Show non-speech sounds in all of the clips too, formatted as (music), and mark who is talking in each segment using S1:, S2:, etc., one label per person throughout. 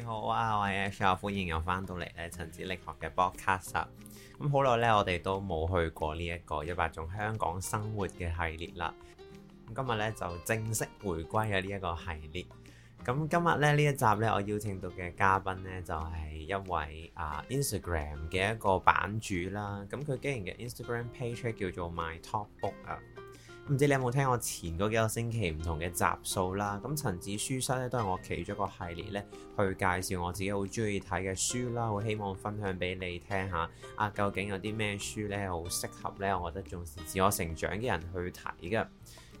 S1: 你好啊，我係 Ash 歡迎又翻到嚟咧陳子力學嘅 Broadcast。咁好耐咧，我哋都冇去過呢一個一百種香港生活嘅系列啦。咁今日咧就正式回歸啊呢一個系列。咁今日咧呢一集咧，我邀請到嘅嘉賓咧就係、是、一位啊、呃、Instagram 嘅一個版主啦。咁佢經營嘅 Instagram page 叫做 My Talk Book 啊。唔知你有冇聽我前嗰幾個星期唔同嘅集數啦？咁陳子書室咧都係我其中一個系列咧，去介紹我自己好中意睇嘅書啦，好希望分享俾你聽下，啊，究竟有啲咩書咧好適合咧？我覺得重視自我成長嘅人去睇㗎。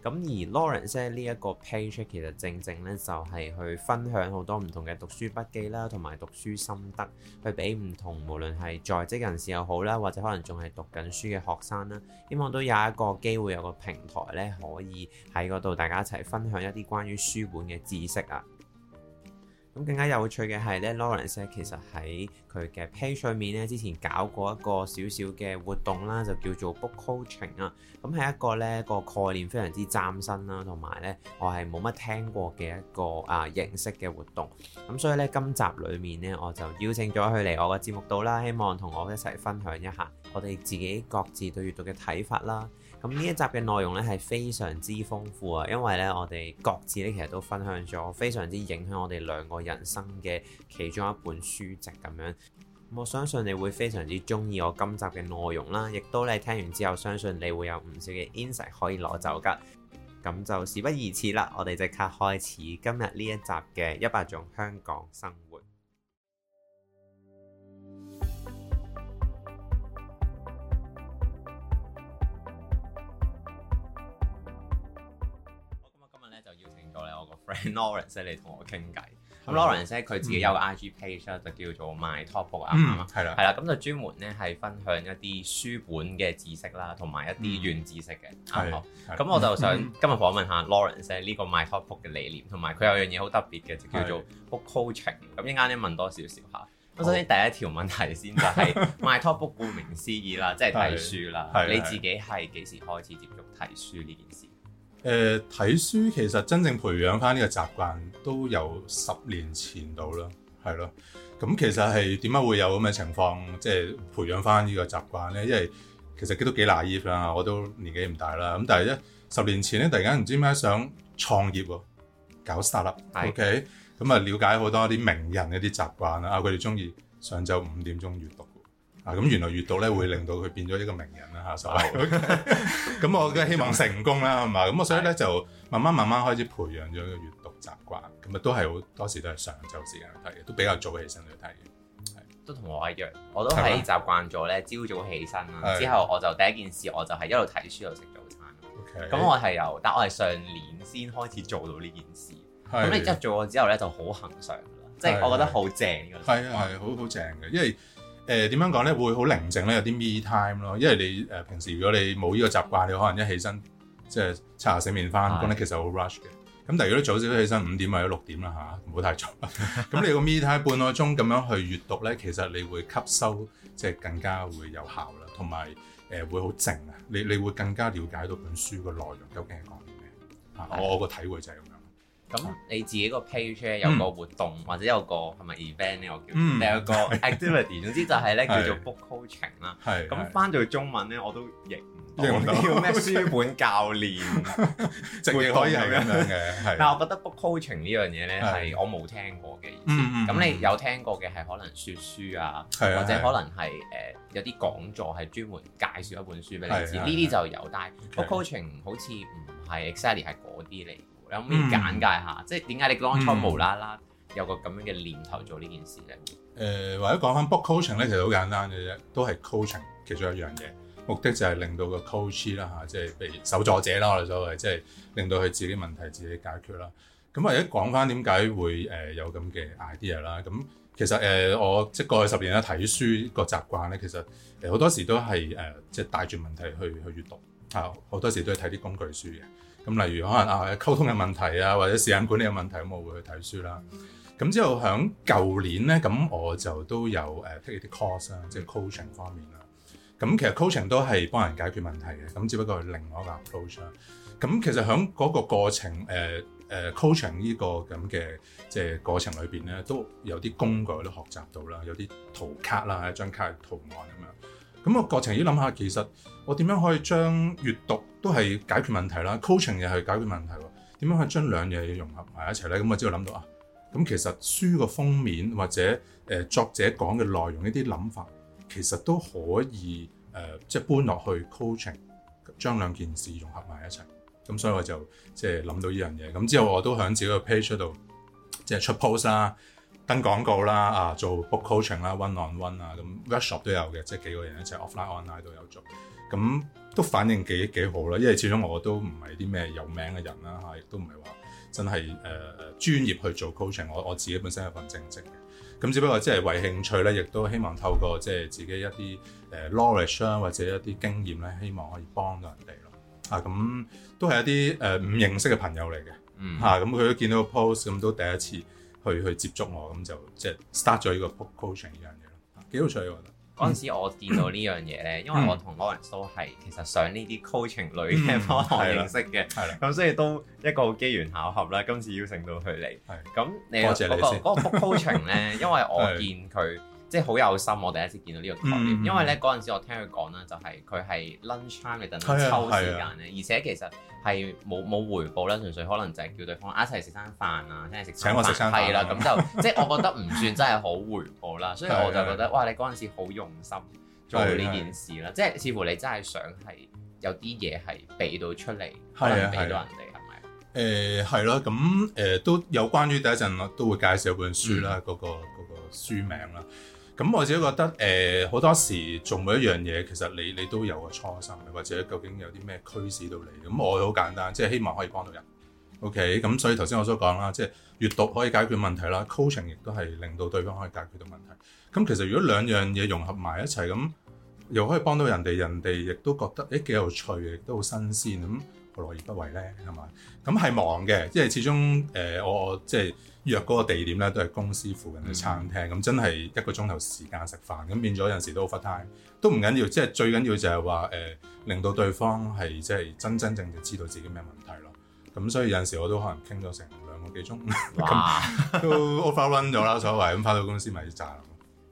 S1: 咁而 Laurence 呢一個 page 其實正正咧就係去分享好多唔同嘅讀書筆記啦，同埋讀書心得，去俾唔同無論係在職人士又好啦，或者可能仲係讀緊書嘅學生啦，希望都有一個機會有個平台咧，可以喺嗰度大家一齊分享一啲關於書本嘅知識啊！咁更加有趣嘅係咧，Laurence 咧其實喺佢嘅 page 上面咧之前搞過一個小小嘅活動啦，就叫做 Book coaching 啊。咁係一個咧個概念非常之嶄新啦，同埋咧我係冇乜聽過嘅一個啊形式嘅活動。咁所以咧，今集裡面咧我就邀請咗佢嚟我嘅節目度啦，希望同我一齊分享一下我哋自己各自對閱讀嘅睇法啦。咁呢一集嘅內容呢係非常之豐富啊，因為呢，我哋各自呢其實都分享咗非常之影響我哋兩個人生嘅其中一本書籍咁樣。我相信你會非常之中意我今集嘅內容啦，亦都你聽完之後，相信你會有唔少嘅 insight 可以攞走噶。咁就事不宜遲啦，我哋即刻開始今日呢一集嘅一百種香港生活。Laurence 咧同我傾偈，咁 Laurence 咧佢自己有個 IG page 咧就叫做 My Talk Book 啊，係啦，係啦，咁就專門咧係分享一啲書本嘅知識啦，同埋一啲軟知識嘅。咁我就想今日訪問下 Laurence 咧呢個 My Talk Book 嘅理念，同埋佢有樣嘢好特別嘅就叫做 Book Coaching。咁一陣間咧問多少少下，咁首先第一條問題先就係 My Talk Book 顧名思義啦，即係睇書啦。你自己係幾時開始接觸睇書呢件事？
S2: 誒睇、呃、書其實真正培養翻呢個習慣都有十年前到啦，係咯。咁其實係點解會有咁嘅情況，即係培養翻呢個習慣咧？因為其實我都幾 naive 啦，我都年紀唔大啦。咁但係咧十年前咧，突然間唔知咩想創業喎，搞 startup。係。OK。咁啊，okay？了解好多啲名人嗰啲習慣啦。啊，佢哋中意上晝五點鐘閱讀。咁原來閲讀咧會令到佢變咗一個名人啦嚇，所以咁我嘅希望成功啦，係嘛？咁我所以咧就慢慢慢慢開始培養
S1: 咗個閲讀習慣，咁啊都係好多時都係上晝時間睇嘅，都比較早起身去睇嘅。都同我一樣，我都係習慣咗咧，朝早起身啦。之後我就第一件事我就係一路睇書又食早餐。咁我係由，但我係上年先開始做到呢件事。咁你一做咗之後咧就好恒常，即係我覺得好正嘅。係啊係，好好正嘅，因為。
S2: 誒點、呃、樣講咧，會好寧靜咧，有啲 me time 咯。因為你誒、呃、平時如果你冇呢個習慣，你可能一起身即係刷下洗面返工咧，的其實好 rush 嘅。咁但如果早、啊、 (laughs) 你早少都起身五點或者六點啦吓，唔好太早。咁你個 me time 半個鐘咁樣去閱讀咧，其實你會吸收即係更加會有效啦，同埋誒會好靜啊。你你會更加了解到本書
S1: 個內容究竟係講啲咩。啊，我我個體會就係咁樣。咁你自己個 page 咧有個活動，或者有個係咪 event 呢？我叫另一個 activity，總之就係咧叫做 book coaching 啦。係咁翻到去中文咧，我都譯唔到。叫咩書本教練，亦可以係咁樣嘅。係，但係我覺得 book coaching 呢樣嘢咧係我冇聽過嘅意思。咁你有聽過嘅係可能說書啊，或者可能係誒有啲講座係專門介紹一本書俾你知，呢啲就有。但係 book coaching 好似唔係 exactly 係嗰啲嚟。有冇啲簡介下？嗯、即係點解你當初無啦啦有個咁樣嘅念頭做呢件事咧？
S2: 誒、呃，或者講翻 book coaching 咧，其實好簡單嘅啫，都係 coaching 其中一樣嘢，目的就係令到個 coachee 啦嚇，即係譬如受助者啦我哋所謂，即係令到佢自己問題自己解決啦。咁、呃、或者講翻點解會誒有咁嘅 idea 啦？咁其實誒、呃、我即係過去十年咧睇書個習慣咧，其實誒好多時都係誒、呃、即係帶住問題去去閱讀啊，好多時都係睇啲工具書嘅。咁例如可能啊溝通嘅問題啊，或者時間管理嘅問題，咁我會去睇書啦。咁之後喺舊年咧，咁我就都有誒 take 啲 course 啊，即係 coaching 方面啦。咁其實 coaching 都係幫人解決問題嘅，咁只不過係另外一個 approach 啦。咁其實喺嗰個過程誒誒、uh, uh, coaching 呢個咁嘅即係過程裏邊咧，都有啲工具都學習到啦，有啲圖卡啦，一張卡嘅圖案咁樣。咁個過程依諗下，其實我點樣可以將閱讀都係解決問題啦，coaching 又係解決問題喎，點樣可以將兩嘢融合埋一齊咧？咁我之後諗到啊，咁其實書個封面或者誒、呃、作者講嘅內容呢啲諗法，其實都可以誒即係搬落去 coaching，將兩件事融合埋一齊。咁所以我就即係諗到呢樣嘢。咁之後我都喺自己個 page 度即係出 post 啊。登廣告啦，啊，做 book coaching 啦，one on one 啊，咁 workshop 都有嘅，即係幾個人一齊 offline online 都有做，咁都反應幾幾好啦，因為始終我都唔係啲咩有名嘅人啦嚇，亦都唔係話真係誒誒專業去做 coaching，我我自己本身係份正職嘅，咁只不過即係為興趣咧，亦都希望透過即係自己一啲誒 knowledge 啦，或者一啲經驗咧，希望可以幫到人哋咯，啊咁都係一啲誒唔認識嘅朋友嚟嘅，嚇咁佢都見到 post 咁都第一次。去去接觸我咁就即係 start 咗呢個 book coaching 呢樣嘢
S1: 咯，幾好彩我覺得。嗰 (noise) (noise) 時我見到呢樣嘢咧，因為我同 Lawrence 都係其實上呢啲 coaching 類嘅方向認識嘅，係啦，咁 (noise) 所以都一個機緣巧合啦。今次邀請到佢嚟，係咁的你嗰、嗰個 o、嗰個 book coaching 咧， (laughs) 因為我見佢。 (noise) 即係好有心，我第一次見到呢個概念。因為呢嗰陣時，我聽佢講咧，就係佢係 lunchtime 嘅陣抽時間，而且其實係冇冇回報咧，純粹可能就係叫對方一齊食餐飯啊，請我食餐飯。係啦，咁就即係我覺得唔算真係好回報啦，所以我就覺得哇，你嗰陣時好用心做呢件事啦，即係似乎你真係想係有啲嘢係俾到出嚟，可能俾到人哋係咪？
S2: 誒係咯，咁誒都有關於第一陣我都會介紹本書啦，嗰個嗰個書名啦。咁我自己覺得誒，好、呃、多時做每一樣嘢，其實你你都有個初心嘅，或者究竟有啲咩驅使到你咁。我好簡單，即係希望可以幫到人。OK，咁所以頭先我都講啦，即係閱讀可以解決問題啦，coaching 亦都係令到對方可以解決到問題。咁其實如果兩樣嘢融合埋一齊，咁又可以幫到人哋，人哋亦都覺得誒幾有趣，亦都好新鮮咁，何樂而不為呢？係咪？咁係忙嘅，即係始終誒、呃、我即係。約嗰個地點咧都係公司附近嘅餐廳，咁、嗯、真係一個鐘頭時，時間食飯，咁變咗有陣時都 over time，都唔緊要，即係最緊要就係話誒，令到對方係即係真真正正知道自己咩問題咯，咁所以有陣時我都可能傾咗成
S1: 兩個幾鐘哇、 (laughs) 嗯，
S2: 都 over run 咗啦，所謂咁翻到公司咪賺。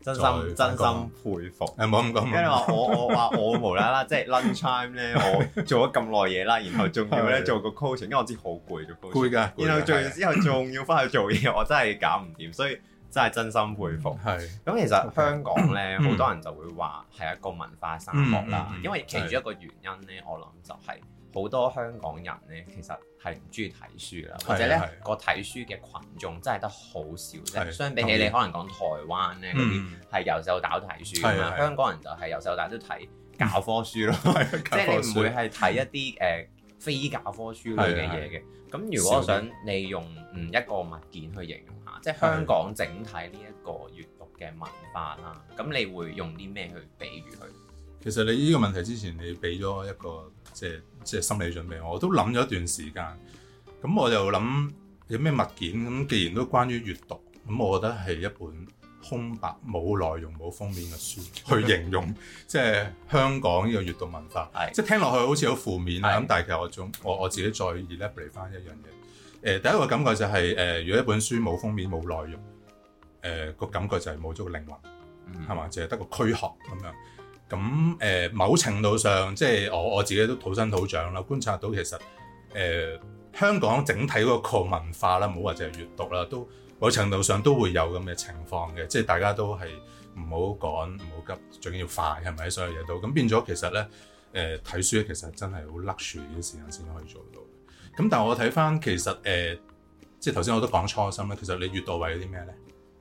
S1: 真心真心佩服，係冇咁講。跟住我我話我無啦啦，即係 lunch time 咧，我做咗咁耐嘢啦，然後仲要咧做個 coaching，因為我知好攰嘅 coaching，攰㗎，然後做完之後仲要翻去做嘢，我真係搞唔掂，所以真係真心佩服。係咁，其實香港咧，好多人就會話係一個文化沙漠啦，因為其中一個原因咧，我諗就係。好多香港人咧，其實係唔中意睇書啦，或者咧個睇書嘅群眾真係得好少。相比起你可能講台灣咧嗰啲係由細到大睇書，香港人就係由細到大都睇教科書咯，即係唔會係睇一啲誒非教科書類嘅嘢嘅。咁如果想你用嗯一個物件去形容下，即係香港整體呢一個閱讀嘅文化啦，咁你會用啲咩去比喻佢？
S2: 其實你呢個問題之前你俾咗一個。即係即係心理準備，我都諗咗一段時間。咁我就諗有咩物件咁？既然都關於閱讀，咁我覺得係一本空白冇內容冇封面嘅書，去形容即係香港呢個閱讀文化。 (laughs) 即係聽落去好似好負面咁 (laughs) 但係其實我仲我我自己再 elaborate 翻一樣嘢。誒、呃，第一個感覺就係、是、誒、呃，如果一本書冇封面冇內容，誒、呃、個感覺就係冇咗個靈魂，係嘛？淨係得個軀殼咁樣。咁誒、呃，某程度上即係我我自己都土生土長啦，觀察到其實誒、呃、香港整體嗰個文化啦，冇或者係閱讀啦，都某程度上都會有咁嘅情況嘅。即係大家都係唔好趕，唔好急，最緊要快係咪？所有嘢都咁變咗，其實咧誒睇書咧，其實真係好 luxury 啲時間先可以做到。咁但係我睇翻其實誒、呃，即係頭先我都講初心啦。其實你閱讀為咗啲咩咧？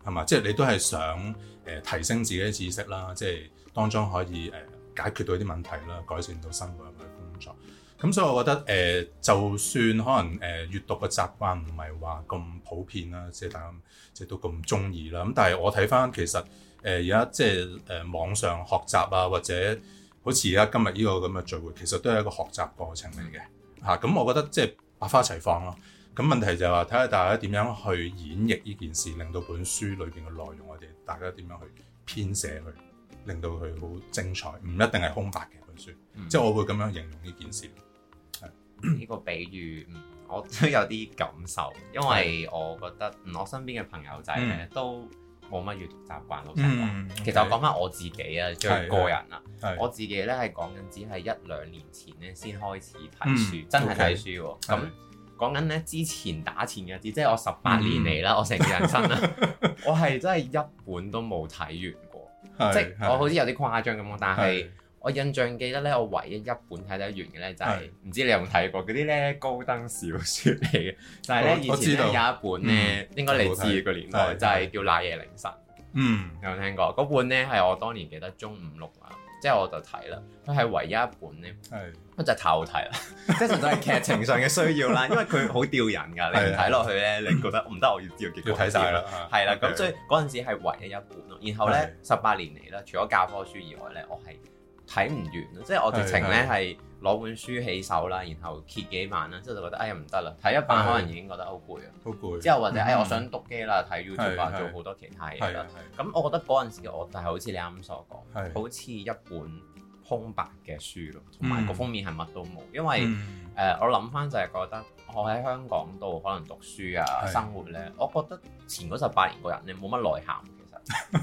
S2: 係嘛？即係你都係想誒、呃、提升自己啲知識啦，即係。當中可以誒、呃、解決到啲問題啦，改善到生活或者工作。咁所以我覺得誒、呃，就算可能誒、呃、閱讀嘅習慣唔係話咁普遍啦，即、就、係、是、大家即係都咁中意啦。咁但係我睇返其實誒而家即係誒網上學習啊，或者好似而家今日呢個咁嘅聚會，其實都係一個學習過程嚟嘅嚇。咁、嗯啊、我覺得即係百花齊放咯、啊。咁問題就係話睇下大家點樣去演繹呢件事，令到本書裏邊嘅內容，我哋大家點樣去編寫佢。令到佢好精彩，唔一定係空白嘅本書，即係我會咁樣
S1: 形容呢件事。呢個比喻，我都有啲感受，因為我覺得我身邊嘅朋友仔咧都冇乜閲讀習慣。老實講，其實我講翻我自己啊，即係個人啦，我自己咧係講緊只係一兩年前咧先開始睇書，真係睇書喎。咁講緊咧之前打前日子，即係我十八年嚟啦，我成個人生啦，我係真係一本都冇睇完。即係我好似有啲誇張咁，但係我印象記得咧，我唯一一本睇得完嘅咧，就係唔知你有冇睇過嗰啲咧高登小説嚟嘅，就係咧以前有一本咧，應該嚟自個年代，就係叫《那夜凌晨》。嗯，有冇聽過？嗰本咧係我當年記得中五六啊。即係我就睇啦，佢係唯一一本咧，咁是就太好睇啦，即係純粹係劇情上嘅需要啦，因為佢好吊人㗎，的你唔睇落去咧，你覺得唔得， (laughs) 我要知道結果。要睇晒啦，係啦，咁所以嗰陣時係唯一一本咯。然後咧，十八的年嚟咧，除咗教科書以外咧，我係睇唔完咯，即係我直情咧係的。攞本書起手啦，然後揭幾晚啦，之後就覺得，哎呀唔得啦，睇一版可能已經覺得好攰啊，好攰。之後或者哎，我想篤機啦，睇 YouTube 啊，做好多其他嘢啦。咁我覺得嗰陣時我就係好似你啱啱所講，好似一本空白嘅書咯，同埋個封面係乜都冇。因為誒，我諗返就係覺得我喺香港度可能讀書啊，生活咧，我覺得前嗰十八年個人咧冇乜內涵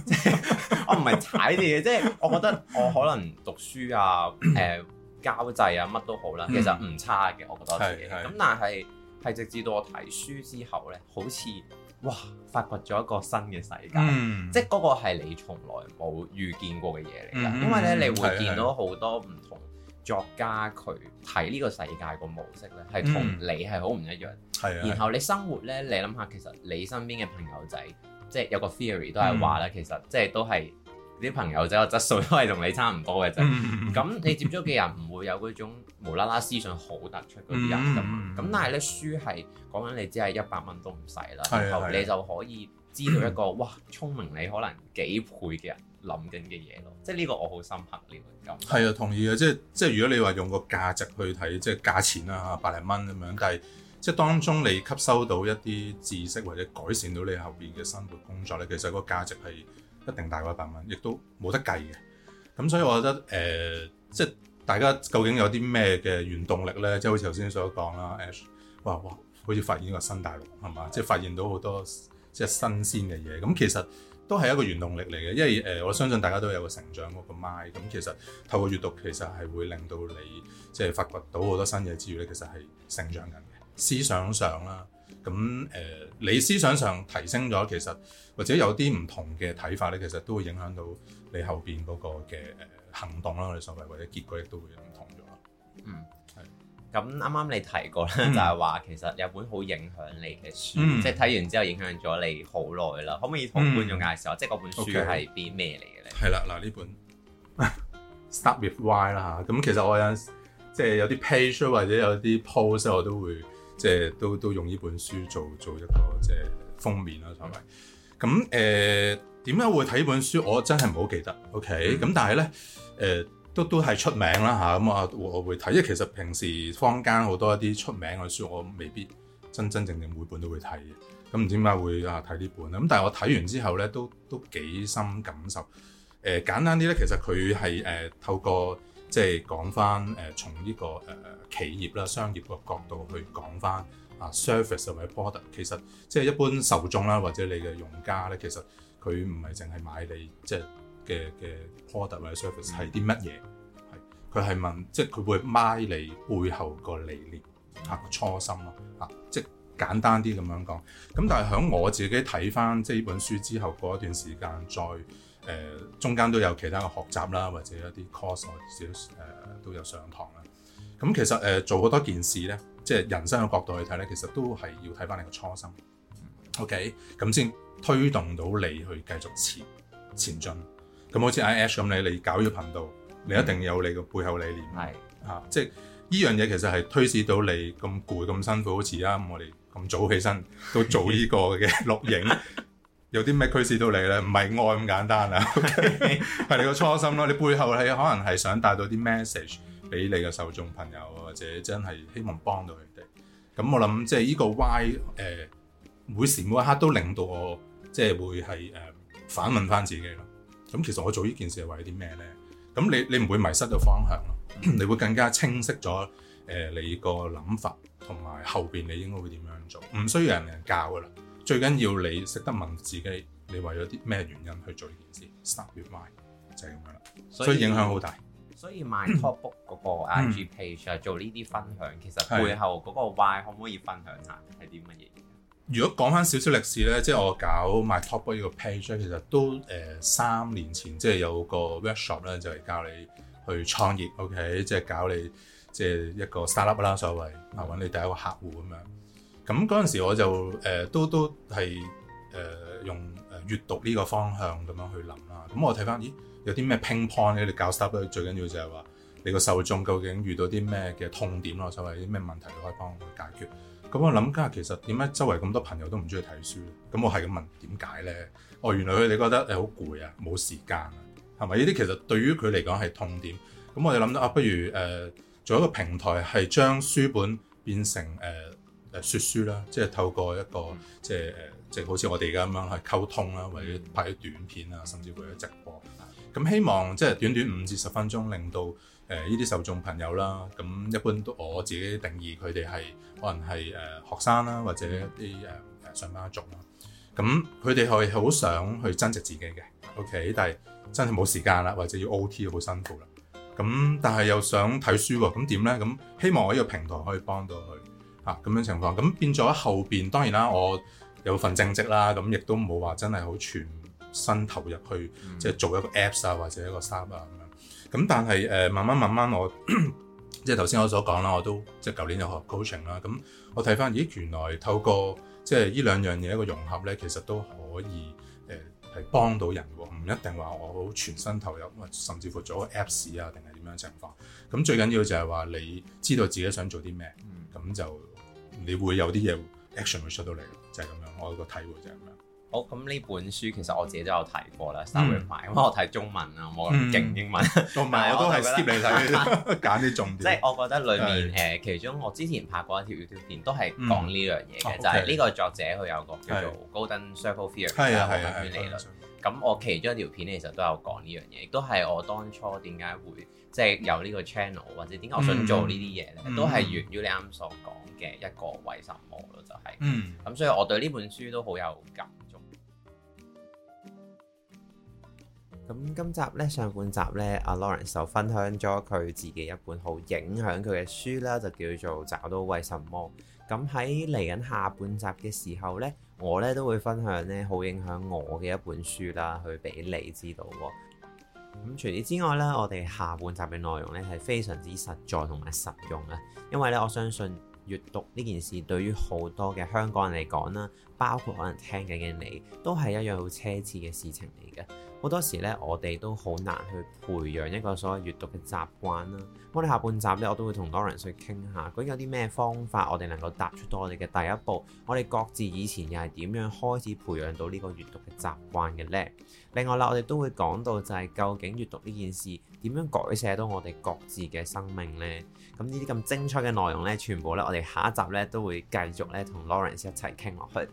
S1: 其實，我唔係踩地嘅，即係我覺得我可能讀書啊，誒。交際啊，乜都好啦，其實唔差嘅，我覺得、嗯、我自己。咁但係係直至到我睇書之後咧，好似哇，發掘咗一個新嘅世界，即係嗰個係你從來冇遇見過嘅嘢嚟㗎。嗯、因為咧，你會見到好多唔同作家佢睇呢個世界個模式咧，係同你係好唔一樣。係啊、嗯。然後你生活咧，你諗下，其實你身邊嘅朋友仔，即、就、係、是、有個 theory 都係話咧，嗯、其實即係都係。啲朋友仔個質素都係同你差唔多嘅啫。咁 (laughs) 你接觸嘅人唔會有嗰種無啦啦思想好突出嗰啲人噶。咁 (laughs) 但係咧，書係講緊你只係一百蚊都唔使啦， (laughs) 你就可以知道一個哇，聰明你可能幾倍嘅人諗緊嘅嘢咯。即係呢個我好深刻呢個感受。係啊，
S2: 同意啊。即係即係如果你話用個價值去睇，即係價錢啊百零蚊咁樣，但係即係當中你吸收到一啲知識或者改善到你後邊嘅生活工作咧，其實個價值係。一定大過一百蚊，亦都冇得計嘅。咁所以，我覺得誒、呃，即係大家究竟有啲咩嘅原動力咧？即係好似頭先所講啦，Ash，哇，哇，好似發現一個新大陸係嘛，即係發現到好多即係新鮮嘅嘢。咁其實都係一個原動力嚟嘅，因為誒、呃，我相信大家都有個成長嗰個 mile。咁其實透過閱讀，其實係會令到你即係發掘到好多新嘢之餘咧，其實係成長緊嘅思想上啦。咁誒，uh, 你思想上提升咗，其實或者有啲唔同嘅睇法咧，其實都會影響
S1: 到你後邊嗰個嘅、呃、行動啦，我哋所謂或者結果亦都會唔同咗、嗯是嗯。嗯，係。咁啱啱你提過咧，就係話其實有本好影響你嘅書，嗯、即係睇完之後影響咗你好耐啦。嗯、可唔可以同觀眾介紹下，嗯、即係嗰本書係邊咩嚟嘅咧？係啦，嗱呢本
S2: 《Start with Why》啦嚇。咁其實我有即係有啲 page 或者有啲 post 我都會。即係都都用呢本書做做一個即係封面啦，所謂。咁誒，點解會睇呢本書？我真係唔好記得，OK？咁、嗯、但係咧誒都都係出名啦嚇，咁啊、嗯我，我會睇。因為其實平時坊間好多一啲出名嘅書，我未必真真正正每本都會睇嘅。咁唔知點解會啊睇呢本咧，咁但係我睇完之後咧，都都，都幾深感受。誒、呃、簡單啲咧，其實佢係誒透過。即係講翻誒，從呢、這個誒、呃、企業啦、商業個角度去講翻啊 service 或者 product 其實即係一般受眾啦，或者你嘅用家咧，其實佢唔係淨係買你即係嘅嘅 product 或者 service 係啲乜嘢？係佢係問，即係佢會買你背後個理念啊、初心咯啊，即係簡單啲咁樣講。咁但係喺我自己睇翻，即係呢本書之後過一段時間再。誒中間都有其他嘅學習啦，或者一啲 course 或者都有上堂啦。咁、嗯、其實誒做好多件事咧，即係人生嘅角度去睇咧，其實都係要睇翻你嘅初心。嗯、OK，咁先推動到你去繼續前前進。咁好似 Ash 咁咧，你搞呢個頻道，嗯、你一定有你嘅背後理念。係是啊，即係呢樣嘢其實係推使到你咁攰咁辛苦，好似啊我哋咁早起身都做呢個嘅錄影。 (laughs) (laughs) 有啲咩驅使到你咧？唔係愛咁簡單啊，OK？係 (laughs) 你個初心咯。你背後係可能係想帶到啲 message 俾你嘅受眾朋友，或者真係希望幫到佢哋。咁我諗即係呢個 why 誒、呃，每時每一刻都令到我即係會係誒、呃、反問翻自己咯。咁其實我做呢件事係為咗啲咩咧？咁你你唔會迷失個方向咯， (coughs) 你會更加清晰咗誒、呃、你個諗法同埋後邊你應該會點樣做，唔需要人人教噶啦。最緊要你識得問自己，你為咗啲咩原因去做呢件事？Start
S1: with Why 就係咁樣啦，所以，所以影響好大。所以 My Talk Book 嗰個 IG page 啊，嗯、做呢啲分享，其實背後嗰個 why 的可唔可以分享下？係啲乜嘢？
S2: 如果講翻少少歷史咧，即係我搞 My Talk Book 呢個 page，其實都誒三年前即係有個 workshop 咧，就係教你去創業，OK，即係搞你即係一個 startup 啦，所謂啊揾你第一個客戶咁樣。咁嗰陣時我就誒、呃、都都係誒用誒閱讀呢個方向咁樣去諗啦。咁、嗯、我睇翻，咦，有啲咩 Ping Pong 咧？你搞 start 咧？最緊要就係話你個受眾究竟遇到啲咩嘅痛點咯？所謂啲咩問題可以幫佢解決？咁、嗯、我諗家下其實點解周圍咁多朋友都唔中意睇書咧？咁、嗯、我係咁問點解咧？哦，原來佢哋覺得你好攰啊，冇時間啊，係咪？呢啲其實對於佢嚟講係痛點。咁、嗯、我哋諗到啊，不如誒、呃、做一個平台，係將書本變成誒。呃誒說書啦，即係透過一個、嗯、即係誒，即係好似我哋而家咁樣去溝通啦，或者拍啲短片啊，甚至或者直播。咁希望即係短短五至十分鐘，令到誒呢啲受眾朋友啦，咁一般都我自己定義佢哋係可能係誒、呃、學生啦，或者一啲誒誒上班族啦。咁佢哋係好想去增值自己嘅，OK？但係真係冇時間啦，或者要 OT 好辛苦啦。咁但係又想睇書喎，咁點咧？咁希望我呢個平台可以幫到佢。嚇咁、啊、樣情況，咁變咗後邊當然啦，我有份正職啦，咁亦都冇話真係好全身投入去，即係、嗯、做一個 apps 啊或者一個 shop 啊咁樣。咁但係誒、呃、慢慢慢慢我，我 (coughs) 即係頭先我所講啦，我都即係舊年有學 coaching 啦。咁我睇翻咦原來透過即係呢兩樣嘢一個融合咧，其實都可以誒係、呃、幫到人喎，唔一定話我好全身投入，甚至乎做個 apps 啊定係點樣情況。咁最緊要就係話你知道自己想做啲咩，咁、嗯、就。你會有啲嘢 action 會出到嚟，
S1: 就係咁樣，我一個體會就係咁樣。好，咁呢本書其實我自己都有睇過啦，Start with Why，因為我睇中文啊，冇咁勁英文。同埋我都係 skip 你曬，揀啲重點。即係我覺得裡面誒其中，我之前拍過一條 YouTube 片，都係講呢樣嘢嘅，就係呢個作者佢有個叫做 Golden Circle Theory 啦，咁我其中一條片其實都有講呢樣嘢，亦都係我當初點解會即係有呢個 channel，或者點解我想做呢啲嘢咧，都係源於你啱所講嘅一個為什麼咯，就係，咁所以我對呢本書都好有感。咁今集咧上半集咧，阿 Laurence 就分享咗佢自己一本好影響佢嘅書啦，就叫做《找到為什麼》。咁喺嚟緊下半集嘅時候咧，我咧都會分享咧好影響我嘅一本書啦，去俾你知道喎。咁除此之外咧，我哋下半集嘅內容咧係非常之實在同埋實用啊，因為咧我相信。閱讀呢件事對於好多嘅香港人嚟講啦，包括可能聽緊嘅你，都係一樣好奢侈嘅事情嚟嘅。好多時呢，我哋都好難去培養一個所謂閱讀嘅習慣啦。我哋下半集呢，我都會同 Laurence 去傾下，究竟有啲咩方法，我哋能夠踏出到我哋嘅第一步？我哋各自以前又係點樣開始培養到呢個閱讀嘅習慣嘅呢？另外啦，我哋都會講到就係究竟閱讀呢件事。點樣改寫到我哋各自嘅生命呢？咁呢啲咁精彩嘅內容呢，全部呢，我哋下一集呢都會繼續呢，同 Laurence 一齊傾落去。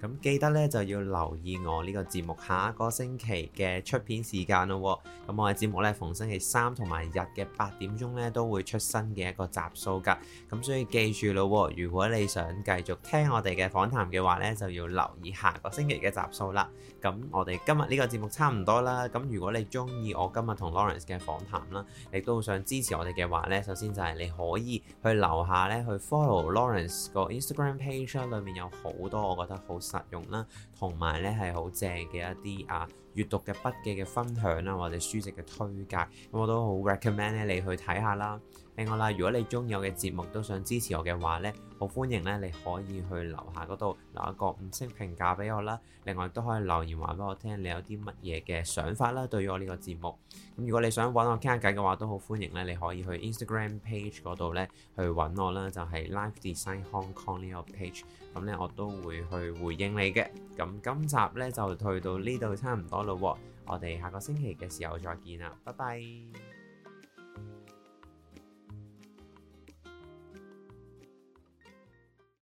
S1: 咁記得咧就要留意我呢個節目下個星期嘅出片時間咯喎，咁我嘅節目咧逢星期三同埋日嘅八點鐘咧都會出新嘅一個集數㗎，咁所以記住咯喎，如果你想繼續聽我哋嘅訪談嘅話咧，就要留意下個星期嘅集數啦。咁我哋今日呢個節目差唔多啦，咁如果你中意我今日同 Laurence 嘅訪談啦，亦都想支持我哋嘅話咧，首先就係你可以去留下咧去 follow Laurence 個 Instagram page 啦，裡面有好多我覺得好實用啦，同埋咧係好正嘅一啲啊～閱讀嘅筆記嘅分享啦，或者書籍嘅推介，咁我都好 recommend 咧你去睇下啦。另外啦，如果你中意我嘅節目，都想支持我嘅話呢，好歡迎呢你可以去留下嗰度留一個五星評價俾我啦。另外都可以留言話俾我聽，你有啲乜嘢嘅想法啦，對於我呢個節目。咁如果你想揾我傾下偈嘅話，都好歡迎呢你可以去 Instagram page 嗰度呢去揾我啦，就係 Life Design Hong Kong 呢個 page。咁呢我都會去回應你嘅。咁今集呢就退到呢度差唔多。我哋下個星期嘅時候再見啦，拜拜。